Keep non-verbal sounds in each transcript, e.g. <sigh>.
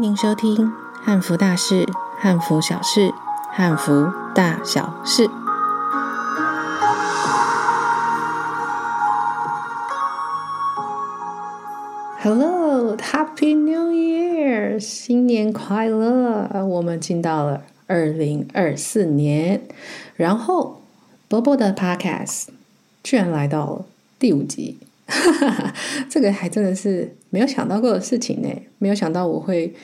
歡迎收聽漢服大事、漢服小事、漢服大小事。Hello，Happy New Year，新年快樂！我們進到了二零二四年，然後 b o 的 Podcast 居然來到了第五集。哈哈，哈， <laughs> 這個還真的是沒有想到過的事情呢，沒有想到我會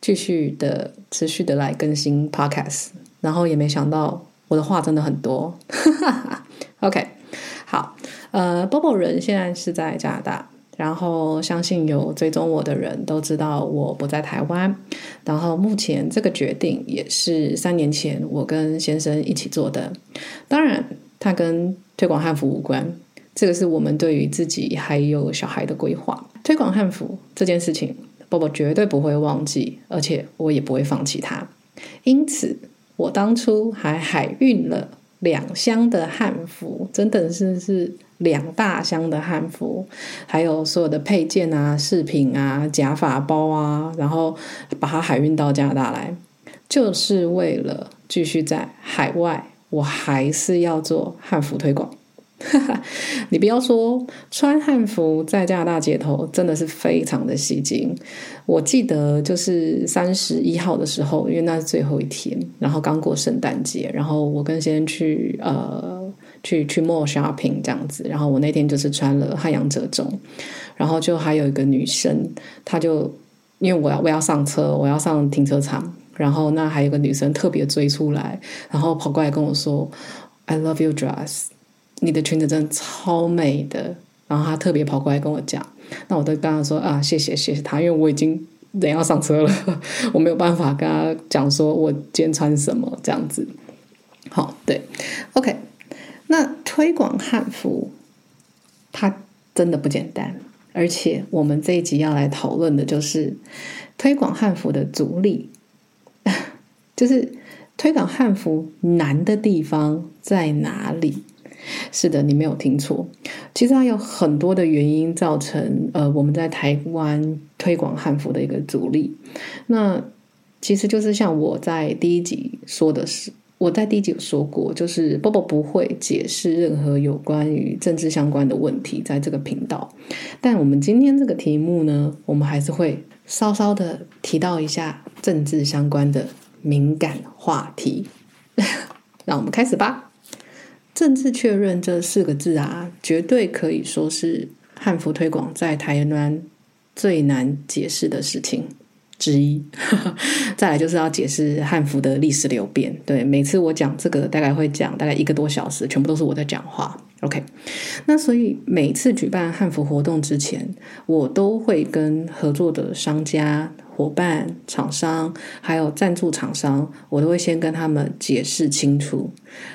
繼續的持續的來更新 podcast，然後也沒想到我的話真的很多。哈哈哈，OK，好，呃，Bobo 人現在是在加拿大，然後相信有追蹤我的人都知道我不在台灣，然後目前這個決定也是三年前我跟先生一起做的，當然它跟推廣漢服無關。這個是我們對於自己還有小孩的規劃。推廣漢服這件事情，Bobo 絕對不會忘記，而且我也不會放棄它。因此，我當初還海運了兩箱的漢服，真的是是兩大箱的漢服，還有所有的配件啊、飾品啊、假髮包啊，然後把它海運到加拿大來，就是為了繼續在海外，我還是要做漢服推廣。哈哈， <laughs> 你不要說，穿漢服在加拿大街頭真的是非常的吸睛。我記得就是三十一號的時候，因為那是最後一天，然後剛過聖誕節，然後我跟先生去呃去去 mall shopping 這樣子，然後我那天就是穿了漢洋折衷，然後就還有一個女生，她就因為我要我要上車，我要上停車場，然後那還有個女生特別追出來，然後跑過來跟我說：“I love your dress。”你的裙子真的超美的，然後他特別跑過來跟我講，那我就跟他說啊，謝謝謝謝他。因為我已經等要上車了，我沒有辦法跟他講說我今天穿什麼這樣子。好，對，OK，那推廣漢服，它真的不簡單，而且我們這一集要來討論的就是推廣漢服的阻力，就是推廣漢服難的地方在哪裡？是的，你沒有聽錯。其實它有很多的原因造成，呃，我們在台灣推廣漢服的一個阻力。那其實就是像我在第一集說的是，我在第一集有說過，就是 Bobo 不會解釋任何有關於政治相關的問題，在這個頻道。但我們今天這個題目呢，我們還是會稍稍的提到一下政治相關的敏感話題。讓 <laughs> 我們開始吧。政治確認這四個字啊，絕對可以說是漢服推廣在台灣最難解釋的事情之一。 <laughs> 再來就是要解釋漢服的歷史流變。對，每次我講這個，大概會講大概一個多小時，全部都是我在講話。OK，那所以每次舉辦漢服活動之前，我都會跟合作的商家、夥伴、廠商，還有贊助廠商，我都會先跟他們解釋清楚。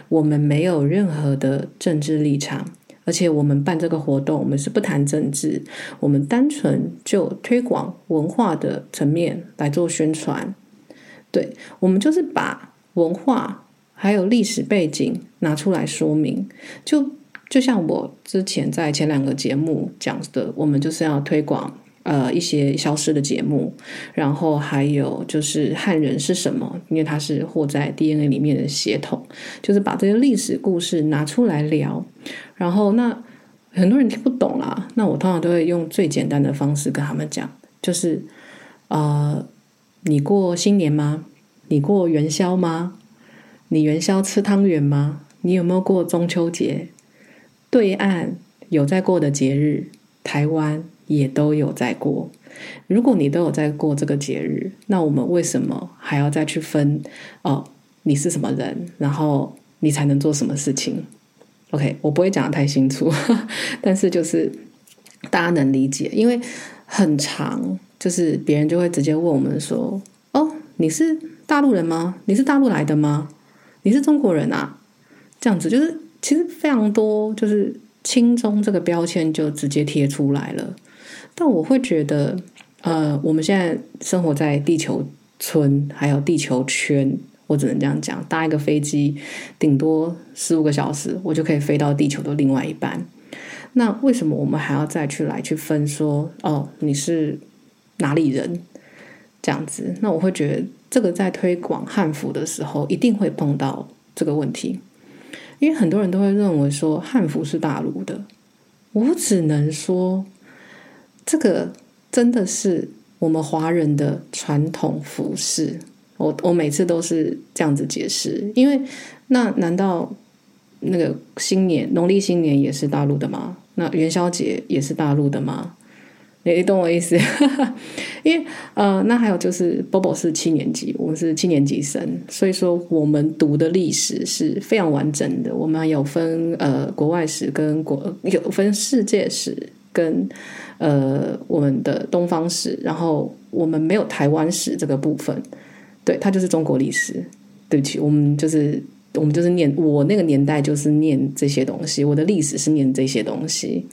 我們沒有任何的政治立場，而且我們辦這個活動，我們是不談政治，我們單純就推廣文化的層面來做宣傳。對，我們就是把文化還有歷史背景拿出來說明。就就像我之前在前兩個節目講的，我們就是要推廣。呃，一些消失的節目，然後還有就是漢人是什麼？因為它是活在 DNA 裡面的血統，就是把這些歷史故事拿出來聊。然後那很多人聽不懂啦，那我通常都會用最簡單的方式跟他們講，就是呃，你過新年嗎？你過元宵嗎？你元宵吃湯圓嗎？你有沒有過中秋節？對岸有在過的節日，台灣也都有在過，如果你都有在過這個節日，那我們為什麼還要再去分哦？你是什麼人，然後你才能做什麼事情？OK，我不會講得太清楚，但是就是大家能理解，因為很常，就是別人就會直接問我們說：“哦，你是大陸人嗎？你是大陸來的嗎？你是中國人啊？”這樣子就是其實非常多，就是親中這個標籤就直接貼出來了。但我會覺得，呃，我們現在生活在地球村，還有地球圈，我只能這樣講。搭一個飛機，頂多十五個小時，我就可以飛到地球的另外一半。那為什麼我們還要再去來去分說哦，你是哪裡人？這樣子，那我會覺得，這個在推廣漢服的時候，一定會碰到這個問題，因為很多人都會認為說漢服是大陸的。我只能說。這個真的是我們華人的傳統服飾，我我每次都是這樣子解釋，因為那難道那個新年農曆新年也是大陸的嗎？那元宵節也是大陸的嗎？你、哎、懂我意思？ <laughs> 因為呃，那還有就是 Bobo 是七年級，我們是七年級生，所以說我們讀的歷史是非常完整的。我們還有分呃國外史跟國有分世界史跟。呃，我們的東方史，然後我們沒有台灣史這個部分，對，它就是中國歷史。對不起，我們就是我們就是念我那個年代就是念這些東西，我的歷史是念這些東西，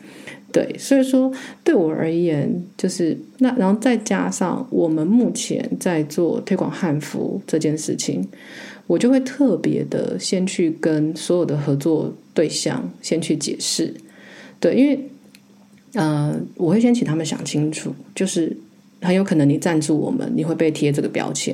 對，所以說對我而言就是那，然後再加上我們目前在做推廣漢服這件事情，我就會特別的先去跟所有的合作對象先去解釋，對，因為。呃，我會先請他們想清楚，就是很有可能你贊助我們，你會被貼這個標籤；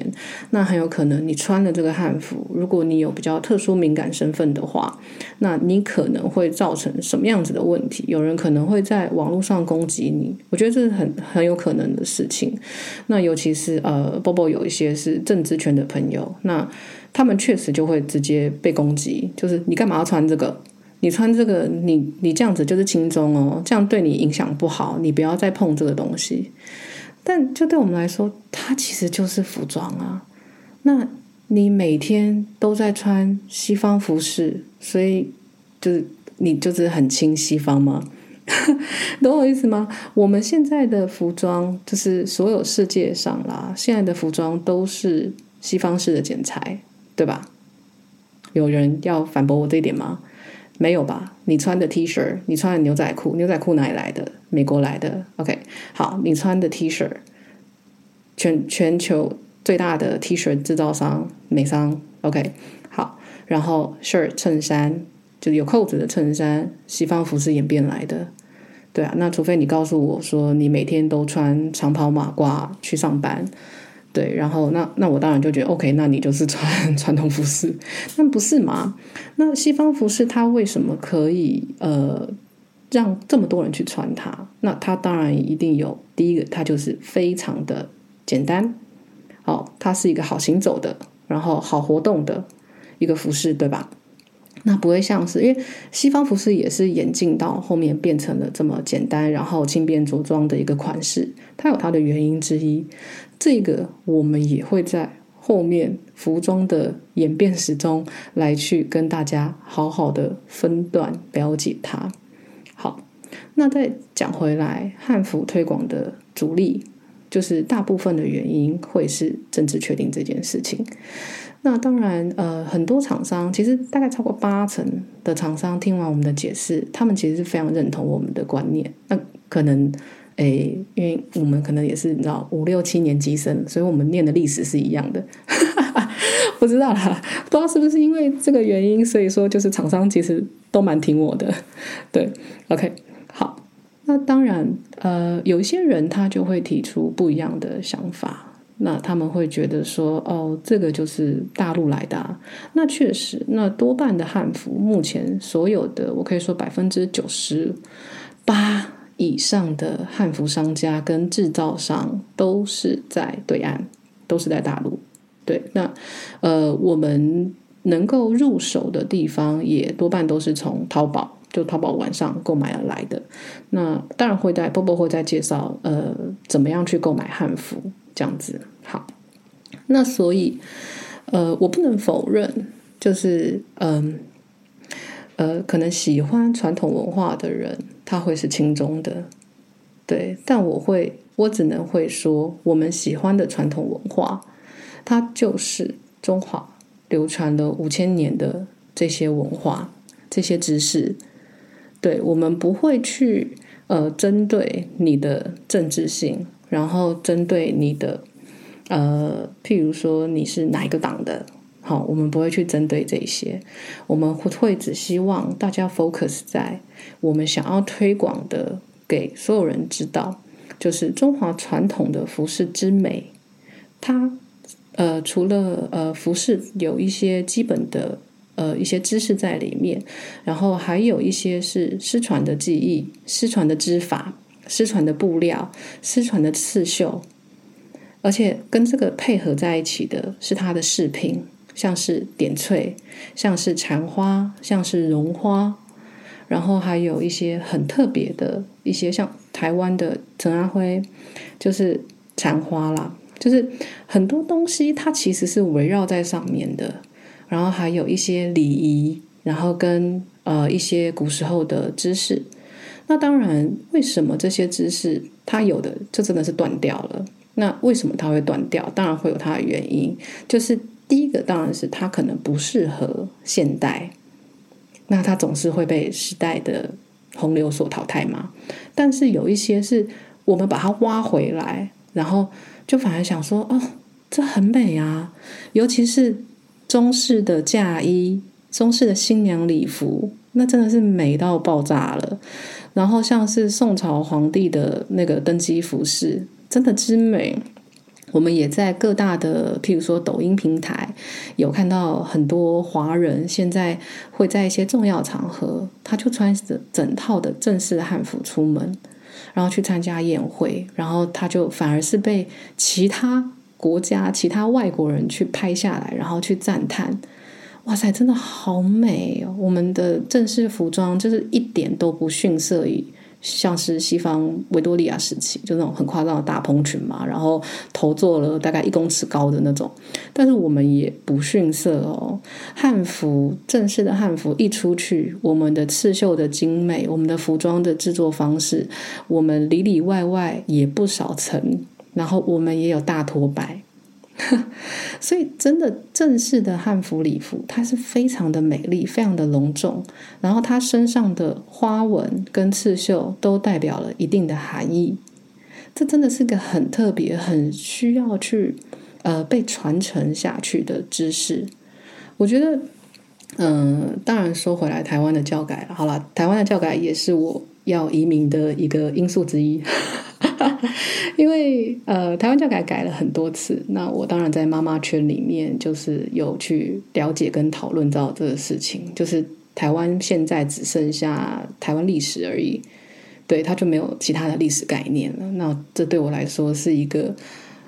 那很有可能你穿了這個漢服，如果你有比較特殊敏感身份的話，那你可能會造成什麼樣子的問題？有人可能會在網絡上攻擊你，我覺得這是很很有可能的事情。那尤其是呃，Bobo 有一些是政治圈的朋友，那他們確實就會直接被攻擊，就是你幹嘛要穿這個？你穿這個，你你這樣子就是親中哦，這樣對你影響不好，你不要再碰這個東西。但就對我們來說，它其實就是服裝啊。那你每天都在穿西方服飾，所以就是你就是很親西方嗎？懂 <laughs> 我意思嗎？我們現在的服裝就是所有世界上啦，現在的服裝都是西方式的剪裁，對吧？有人要反駁我這一點嗎？沒有吧？你穿的 T 恤，你穿的牛仔褲，牛仔褲哪裡來的？美國來的，OK。好，你穿的 T 恤，全全球最大的 T 恤制造商美商，OK。好，然後 shirt 襯衫就是有扣子的襯衫，西方服飾演變來的，對啊。那除非你告訴我說，你每天都穿長袍馬褂去上班。對，然後那，那我當然就覺得，OK，那你就是穿傳統服飾，那不是嗎？那西方服飾它為什麼可以呃讓這麼多人去穿它？那它當然一定有。第一個，它就是非常的簡單，好，它是一個好行走的，然後好活動的一個服飾，對吧？那不會像是因為西方服飾也是演進到後面變成了這麼簡單，然後輕便着裝的一個款式，它有它的原因之一。這個我們也會在後面服裝的演變史中來去跟大家好好的分段了解它。好，那再講回來，漢服推廣的阻力就是大部分的原因會是政治確定這件事情。那當然，呃，很多廠商其實大概超過八成的廠商聽完我們的解釋，他們其實是非常認同我們的觀念。那可能。誒，因為我們可能也是你知道五六七年級生，所以我們念的歷史是一樣的， <laughs> 不知道啦，不知道是不是因為這個原因，所以說就是廠商其實都蠻挺我的，對，OK，好，那當然呃，有一些人他就會提出不一樣的想法，那他們會覺得說哦，這個就是大陸來的啊，那確實，那多半的漢服目前所有的，我可以說百分之九十八。以上的漢服商家跟製造商都是在對岸，都是在大陸。對，那呃，我們能夠入手的地方也多半都是從淘寶，就淘寶網上購買而來的。那當然會在波波會再介紹呃，怎麼樣去購買漢服這樣子。好，那所以呃，我不能否認，就是嗯呃，呃，可能喜歡傳統文化的人。它會是輕鬆的。對，但我會，我只能會說，我們喜歡的傳統文化，它就是中華流傳了五千年的這些文化，這些知識。對，我們不會去呃針對你的政治性，然後針對你的呃，譬如說你是哪一個黨的。好，我們不會去針對這些，我們會只希望大家 focus 在我們想要推廣的，給所有人知道，就是中華傳統的服飾之美。它呃，除了呃服飾有一些基本的呃一些知識在裡面，然後還有一些是失傳的技藝、失傳的織法、失傳的布料、失傳的刺繡，而且跟這個配合在一起的是它的飾品。像是點翠，像是纏花，像是絨花，然後還有一些很特別的一些，像台灣的陳阿輝，就是纏花啦。就是很多東西它其實是圍繞在上面的。然後還有一些禮儀，然後跟呃一些古時候的知識。那當然，為什麼這些知識它有的，就真的是斷掉了？那為什麼它會斷掉？當然會有它的原因，就是。第一個當然是它可能不適合現代，那它總是會被時代的洪流所淘汰嘛。但是有一些是我們把它挖回來，然後就反而想說，哦，這很美啊！尤其是中式的嫁衣、中式的新娘禮服，那真的是美到爆炸了。然後像是宋朝皇帝的那個登基服飾，真的之美。我們也在各大的，譬如說抖音平台，有看到很多華人現在會在一些重要場合，他就穿着整套的正式的漢服出門，然後去參加宴會，然後他就反而是被其他國家，其他外國人去拍下來，然後去讚嘆：“哇塞，真的好美哦！我們的正式服裝就是一點都不遜色於。”像是西方維多利亞時期，就那種很誇張的大蓬裙嘛，然後頭做了大概一公尺高的那種。但是我們也不遜色哦，漢服，正式的漢服一出去，我們的刺繡的精美，我們的服裝的制作方式，我們裡裡外外也不少層，然後我們也有大拖襬。 <laughs> 所以，真的正式的漢服禮服，它是非常的美麗，非常的隆重。然後，它身上的花紋跟刺繡都代表了一定的含義。這真的是一個很特別、很需要去呃被傳承下去的知識。我覺得，嗯，當然說回來，台灣的教改好了，台灣的教改也是我要移民的一個因素之一。 <laughs> 因為呃，台灣教改改了很多次，那我當然在媽媽圈裡面就是有去了解跟討論到這個事情，就是台灣現在只剩下台灣歷史而已，對，它就沒有其他的歷史概念了。那這對我來說是一個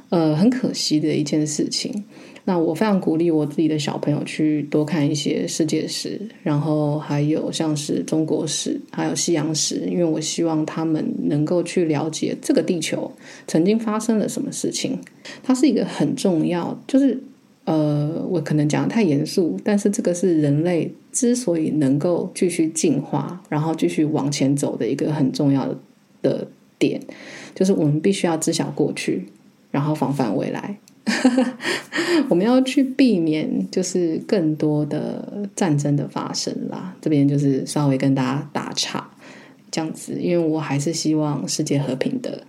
呃很可惜的一件事情。那我非常鼓勵我自己的小朋友去多看一些世界史，然後還有像是中國史，還有西洋史，因為我希望他們能夠去了解這個地球曾經發生了什麼事情。它是一個很重要，就是呃，我可能講得太嚴肅，但是這個是人類之所以能夠繼續進化，然後繼續往前走的一個很重要的點，就是我們必須要知曉過去，然後防範未來。 <laughs> 我們要去避免，就是更多的戰爭的發生啦。這邊就是稍微跟大家打岔，這樣子，因為我還是希望世界和平的。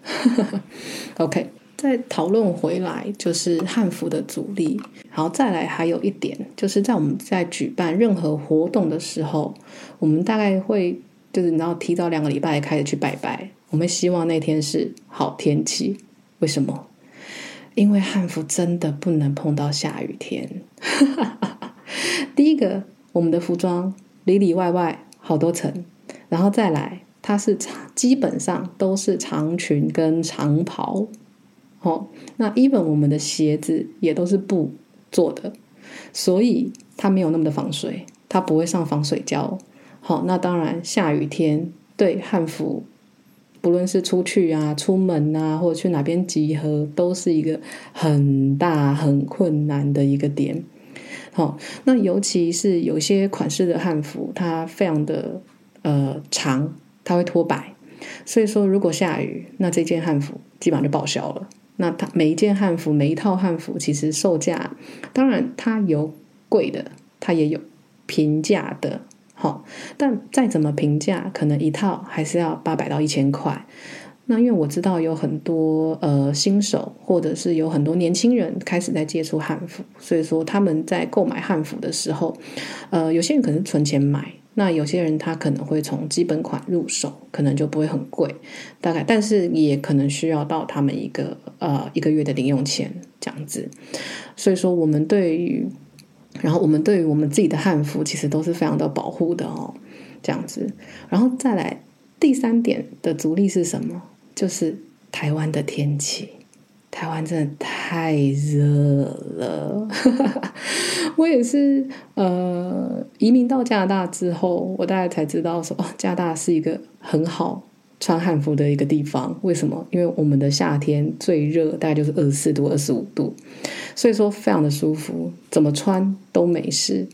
<laughs> OK，再討論回來，就是漢服的阻力。然後再來，還有一點，就是在我們在舉辦任何活動的時候，我們大概會就是你知道提早兩個禮拜開始去拜拜。我們希望那天是好天氣，為什麼？因為漢服真的不能碰到下雨天。 <laughs> 第一個，我們的服裝裡裡外外好多層，然後再來，它是長，基本上都是長裙跟長袍。好、哦，那 even 我們的鞋子也都是布做的，所以它沒有那麼的防水，它不會上防水膠。好、哦，那當然下雨天對漢服。不論是出去啊、出門吶、啊，或者去哪邊集合，都是一個很大很困難的一個點。好、哦，那尤其是有些款式的漢服，它非常的呃長，它會脫白。所以說，如果下雨，那這件漢服基本上就報銷了。那它每一件漢服、每一套漢服，其實售價，當然它有貴的，它也有平價的。好，但再怎麼平價，可能一套還是要八百到一千塊。那因為我知道有很多呃新手，或者是有很多年輕人開始在接觸漢服，所以說他們在購買漢服的時候，呃，有些人可能存錢買，那有些人他可能會從基本款入手，可能就不會很貴，大概，但是也可能需要到他們一個呃一個月的零用錢這樣子。所以說我們對於。然後我們對於我們自己的漢服，其實都是非常的保護的哦，這樣子。然後再來第三點的阻力是什麼？就是台灣的天氣，台灣真的太熱了。 <laughs> 我也是，呃，移民到加拿大之後，我大概才知道說，哦，加拿大是一個很好。穿漢服的一個地方，為什麼？因為我們的夏天最熱大概就是二十四度、二十五度，所以說非常的舒服，怎麼穿都沒事。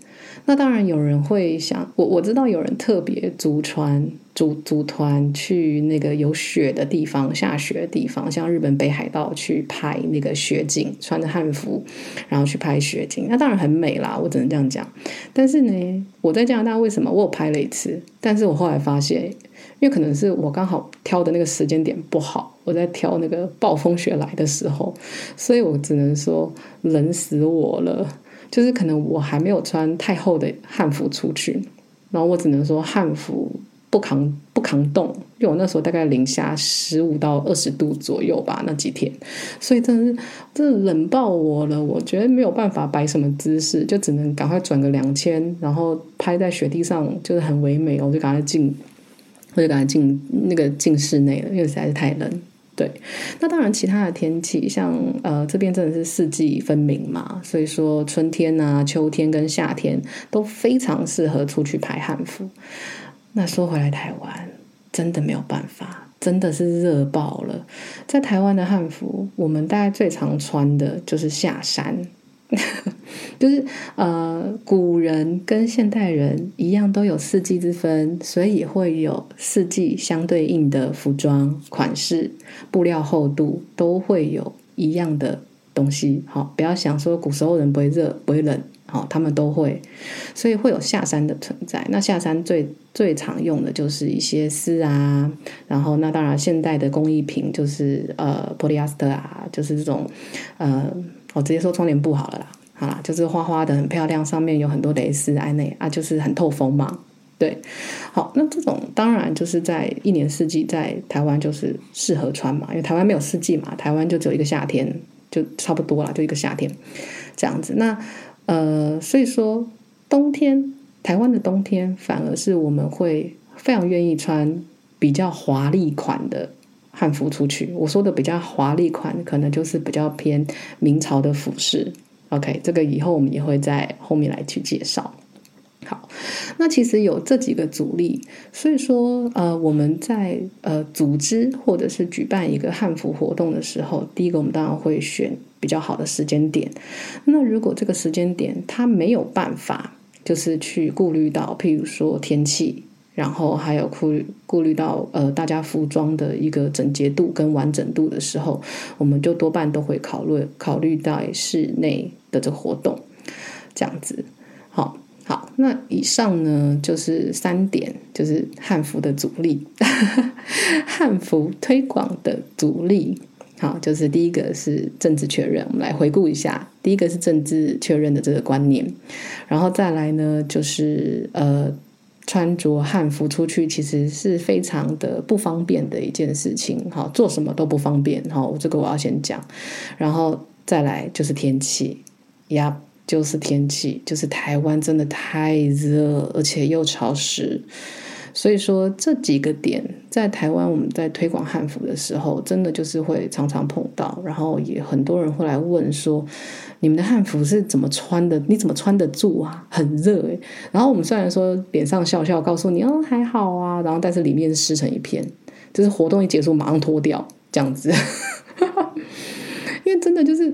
那當然有人會想，我我知道有人特別租穿租租團，去那個有雪的地方、下雪的地方，像日本北海道去拍那個雪景，穿着漢服然後去拍雪景，那當然很美啦，我只能這樣講。但是呢，我在加拿大為什麼？我有拍了一次，但是我後來發現。因為可能是我剛好挑的那個時間點不好，我在挑那個暴風雪來的時候，所以我只能說冷死我了。就是可能我還沒有穿太厚的漢服出去，然後我只能說漢服不扛不扛凍，因為我那時候大概零下十五到二十度左右吧，那幾天，所以真的是真的冷爆我了。我覺得沒有辦法擺什麼姿勢，就只能趕快轉個兩千，然後拍在雪地上，就是很唯美，我就趕快進。我就趕快進那個進室內了，因為實在是太冷。對，那當然，其他的天氣像呃這邊真的是四季分明嘛，所以說春天啊、秋天跟夏天都非常適合出去拍漢服。那說回來，台灣真的沒有辦法，真的是熱爆了。在台灣的漢服，我們大概最常穿的就是夏衫。 <laughs> 就是呃，古人跟現代人一樣，都有四季之分，所以會有四季相對應的服裝款式、布料厚度都會有一樣的東西。好，不要想說古時候人不會熱、不會冷，好，他們都會，所以會有夏衫的存在。那夏衫最最常用的就是一些絲啊，然後那當然現代的工藝品就是呃，polyester 啊，Poly ester, 就是這種呃。我、哦，直接說窗簾布好了啦，好啦，就是花花的很漂亮，上面有很多蕾絲，哎內啊，就是很透風嘛。對，好，那這種當然就是在一年四季在台灣就是適合穿嘛，因為台灣沒有四季嘛，台灣就只有一個夏天，就差不多啦，就一個夏天這樣子。那呃，所以說冬天台灣的冬天反而是我們會非常願意穿比較華麗款的。漢服出去，我說的比較華麗款，可能就是比較偏明朝的服飾。OK，這個以後我們也會在後面來去介紹。好，那其實有這幾個阻力，所以說呃，我們在呃組織或者是舉辦一個漢服活動的時候，第一個我們當然會選比較好的時間點。那如果這個時間點它沒有辦法，就是去顧慮到，譬如說天氣。然後還有顧慮，顧慮到呃大家服裝的一個整潔度跟完整度的時候，我們就多半都會考慮考慮在室內的這個活動，這樣子。好，好，那以上呢就是三點，就是漢服的阻力， <laughs> 漢服推廣的阻力。好，就是第一個是政治確認，我們來回顧一下，第一個是政治確認的這個觀念，然後再來呢就是呃。穿着漢服出去其實是非常的不方便的一件事情，好，做什麼都不方便，好，這個我要先講，然後再來就是天氣，呀，yep，就是天氣，就是台灣真的太熱，而且又潮濕。所以說這幾個點在台灣，我們在推廣漢服的時候，真的就是會常常碰到，然後也很多人會來問說，你們的漢服是怎麼穿的？你怎麼穿得住啊？很熱誒。然後我們雖然說臉上笑笑告訴你，哦還好啊，然後但是裡面是濕成一片，就是活動一結束馬上脫掉這樣子，因為真的就是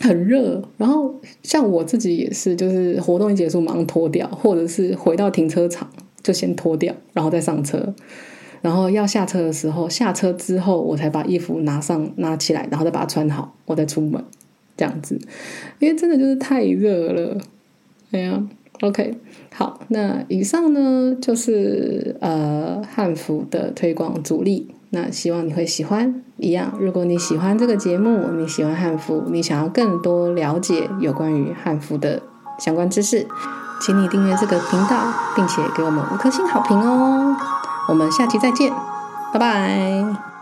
很熱。然後像我自己也是，就是活動一結束馬上脫掉，或者是回到停車場。就先脫掉，然後再上車，然後要下車的時候，下車之後我才把衣服拿上、拿起來，然後再把它穿好，我再出門，這樣子，因為真的就是太熱了。哎呀，OK，好，那以上呢就是呃漢服的推廣阻力，那希望你會喜歡。一樣，如果你喜歡這個節目，你喜歡漢服，你想要更多了解有關於漢服的相關知識，請你訂閱這個頻道，並且給我們五顆星好評哦。我們下期再見，拜拜。